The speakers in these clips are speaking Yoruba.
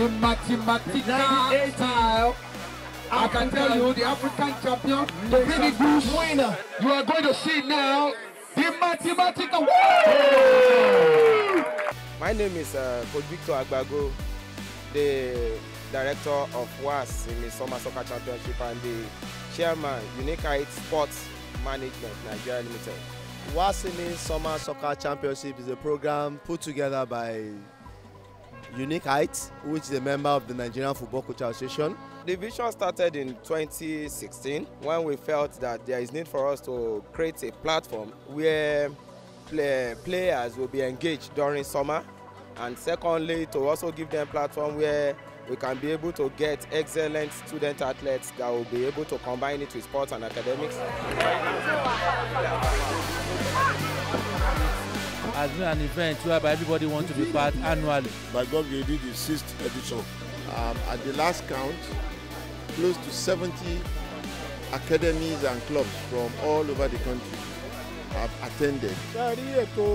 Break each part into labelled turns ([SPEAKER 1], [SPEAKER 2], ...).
[SPEAKER 1] in mathematical I can tell you the African champion, the Billy Goose winner. You are going to see now the mathematical. My name is uh, Coach Victor Agbago, the director of WAS in the Summer Soccer Championship and the chairman, Unique Sports Management Nigeria Limited.
[SPEAKER 2] WAS in the Summer Soccer Championship is a program put together by Unique Heights, which is a member of the Nigerian Football Coach Association.
[SPEAKER 1] The vision started in 2016 when we felt that there is need for us to create a platform where play, players will be engaged during summer and secondly to also give them platform where we can be able to get excellent student athletes that will be able to combine it with sports and academics has been an event
[SPEAKER 2] where everybody
[SPEAKER 3] wants to be part annually. By God, we did the sixth edition. Um, at the last count, close to 70 academies and clubs from all over the country have attended.
[SPEAKER 1] ṣe ètò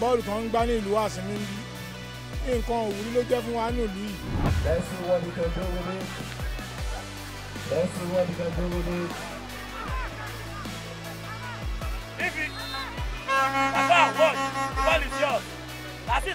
[SPEAKER 1] bọ́ọ̀lù tó ń gbá ní ìlú àsìmí bí nǹkan òwúrí ló jẹ́ fún wa ní ìlú yìí. Let's see what you can do with
[SPEAKER 2] it. Let's see what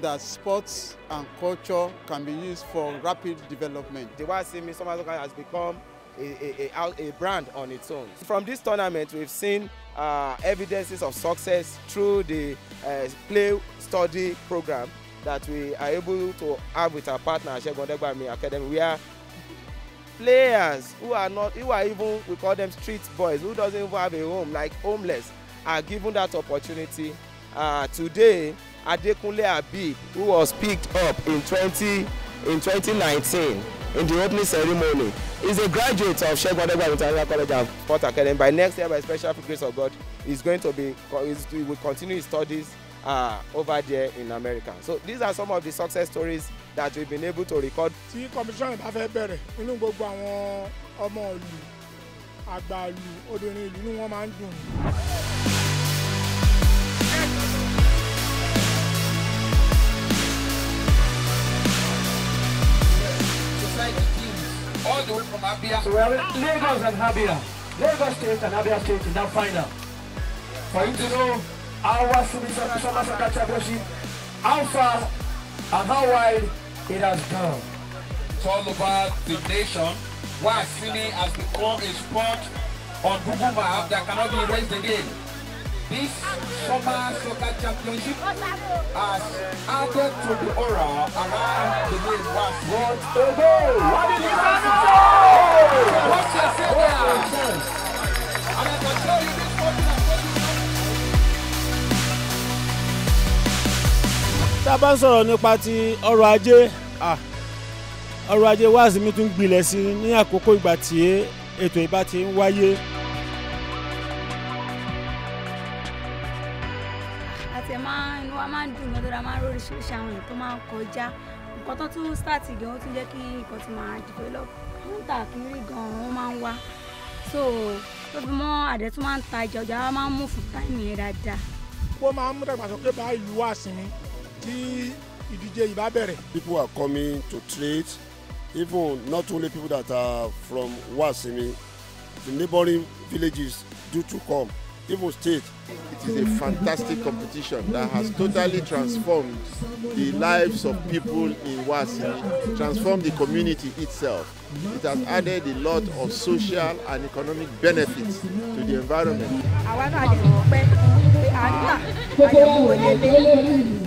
[SPEAKER 1] that sports and culture can be used for rapid development. The YCM Summer Soccer has become a, a, a, brand on its own. From this tournament, we've seen uh, evidences of success through the uh, play study program that we are able to have with our partner, Shegun Degbami Academy, where players who are not, who are even, we call them street boys, who doesn't even have a home, like homeless, are given that opportunity. Uh, today, Adekunle Abi, who was picked up in 20, in 2019 in the opening ceremony, is a graduate of Segun Adegba International College of Sport Academy. By next year, by special grace of God, he's going to be, he will continue his studies uh, over there in America. So these are some of the success stories that we've been able to record. tí commission bá fẹ́ bẹ̀rẹ̀ inú gbogbo àwọn ọmọ ìlú àgbà ìlú obìnrin ìlú ni wọ́n máa ń dùn. So we are Lagos and Abia. Lagos State and Abia State in that final.
[SPEAKER 2] For you to know our Sumisaka Championship, how far
[SPEAKER 1] and how wide it has gone. It's all about the nation. Why as has become a sport on Google Map that cannot be raised again. This summer soccer championship has added to the aura around the name was World Ogo. What did you say? What you say there? And I can tell you this popular tá a bá ń sọ̀rọ̀
[SPEAKER 3] nípa ti ọrọ̀ ajé ọrọ̀ ajé wáàsí mi tún gbilẹ̀ sí ní àkókò ìgbà tí ètò ìbá ti ń wáyé.
[SPEAKER 1] ń dùn gan dọ́dọ̀ a máa ń róríṣiríṣi àwọn èèyàn tó máa ń kọjá nǹkan tó tún start gan ó tún jẹ́ kí nǹkan ti máa develop àwọn tà kiri gan wọ́n máa ń wá so tó fi mọ́ àdẹ tó máa ń ta ìjà ọjà wa máa ń mú fún táìmì yẹn dáadáa. ó máa ń mú dàgbàsókè bá ìlú wa sinmi tí
[SPEAKER 3] ìdíje yìí bá bẹ̀rẹ̀. people are coming to trade even not only people that are from Wasimi the neighbouring villages do to come Imo State. It is a fantastic competition that has totally transformed the lives of people in Wasi, transformed the community itself. It has added a lot of social and economic benefits to the environment.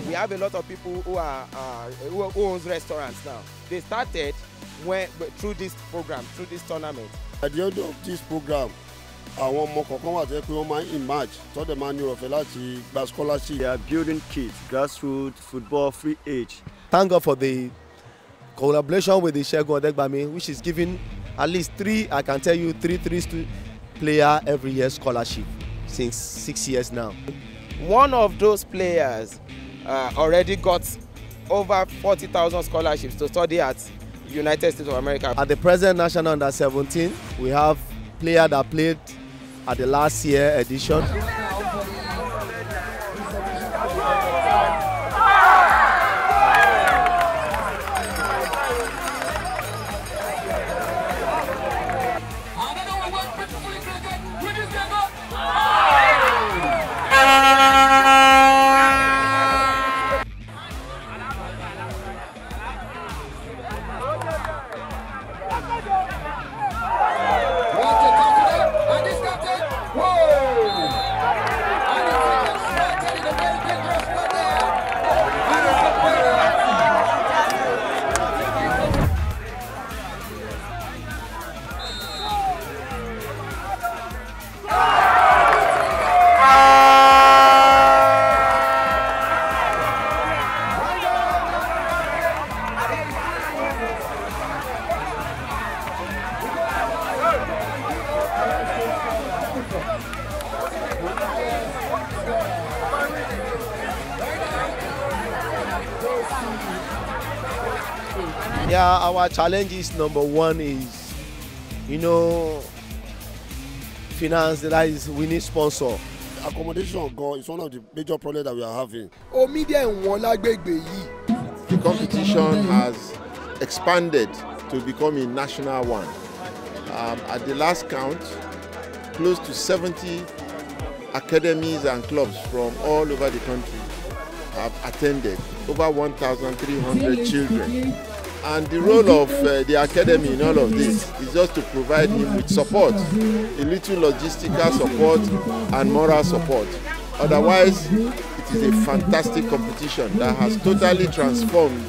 [SPEAKER 1] We have a lot of people who are uh, who owns restaurants now. They started when, through this program, through this tournament.
[SPEAKER 3] At the end of this program, àwọn ọmọ kọ̀ọ̀kan wà tẹ́ pé wọ́n máa ń emerge tọ́dẹ̀ máa ní ọ̀fẹ́ láti gba scholarship. they are building kids grassroots football free
[SPEAKER 2] age. thank God for the collaboration with Segun Odegbami which is giving at least three I can tell you three three player every year scholarship since six years now.
[SPEAKER 1] One of those players uh, already got over forty thousand scholarships to study at United States of America. At
[SPEAKER 2] the present national under seventeen, we have player that played at the last year edition. Yeah, our challenge is number one is, you know, finance. That is, we need sponsor. Accommodation gan is one of the major problems that we are having. Oh, media and wọ́n lágbègbè yìí.
[SPEAKER 3] The competition has expanded to become a national one. Um, at the last count, close to 70 academies and clubs from all over the country have attended. Over 1,300 children and the role of uh, the academy in all of this is just to provide him with support a little logistical support and moral support otherwise It is a fantastic competition that has totally transformed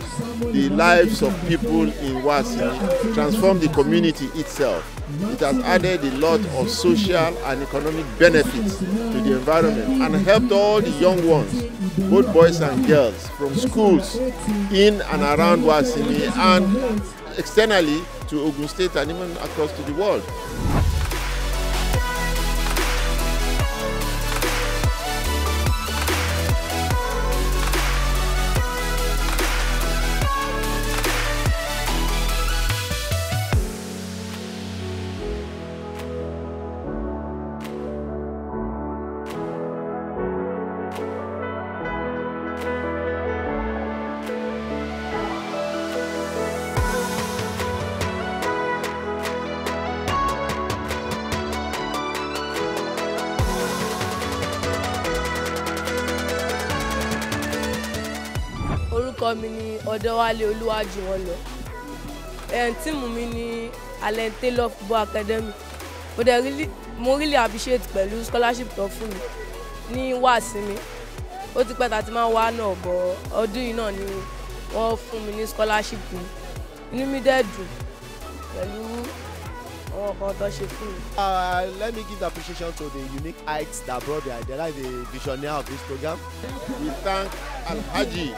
[SPEAKER 3] the lives of people in Wasini, transformed the community itself. It has added a lot of social and economic benefits to the environment and helped all the young ones, both boys and girls, from schools in and around Wasimi and externally to Ogun State and even across to the world.
[SPEAKER 1] orúkọ mi ni Ọ̀dọ́wálé Olúwàjùwọ̀n lọ tíìmù mi ni Allen Taylor Football Academy mo dẹ̀ really mo really appreciate pẹ̀lú scholarship tó fún mi ní wàsími ó ti pẹ́ ta ti máa wá náà bọ̀ ọdún yìí náà ni wọ́n fún mi ní scholarship mi inú mi dẹ̀ dùn pẹ̀lú
[SPEAKER 2] àwọn kan tó ṣe fún mi. Ah, let me give appreciation to the unique heights that brought the idea like the visionary of this program. We thank Alhaji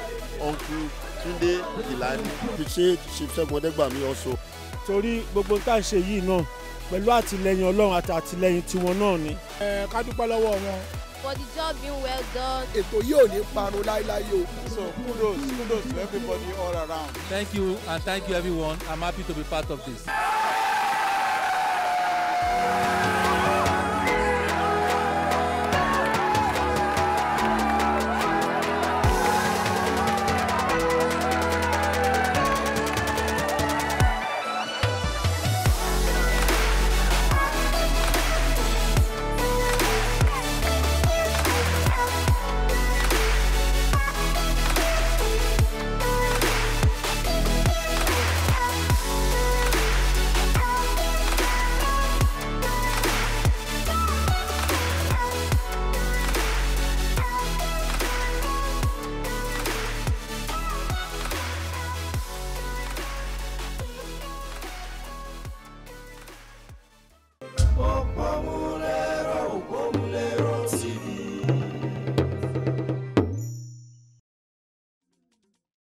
[SPEAKER 2] uncle
[SPEAKER 3] Túndé Ìlànì to say Chief Ṣẹ́gun Ọdẹ́gbàmí torí gbogbo tá a ṣe yìí náà pẹ̀lú àtìlẹyìn Ọlọ́run àti àtìlẹyìn tiwọn náà ni.
[SPEAKER 1] ẹ ká dúpẹ́ lọ́wọ́ wọn. for the job being well done. ètò yìí ò ní parun láéláé o. so kudos kudos to everybody all around.
[SPEAKER 2] thank you and thank you everyone i'm happy to be part of this.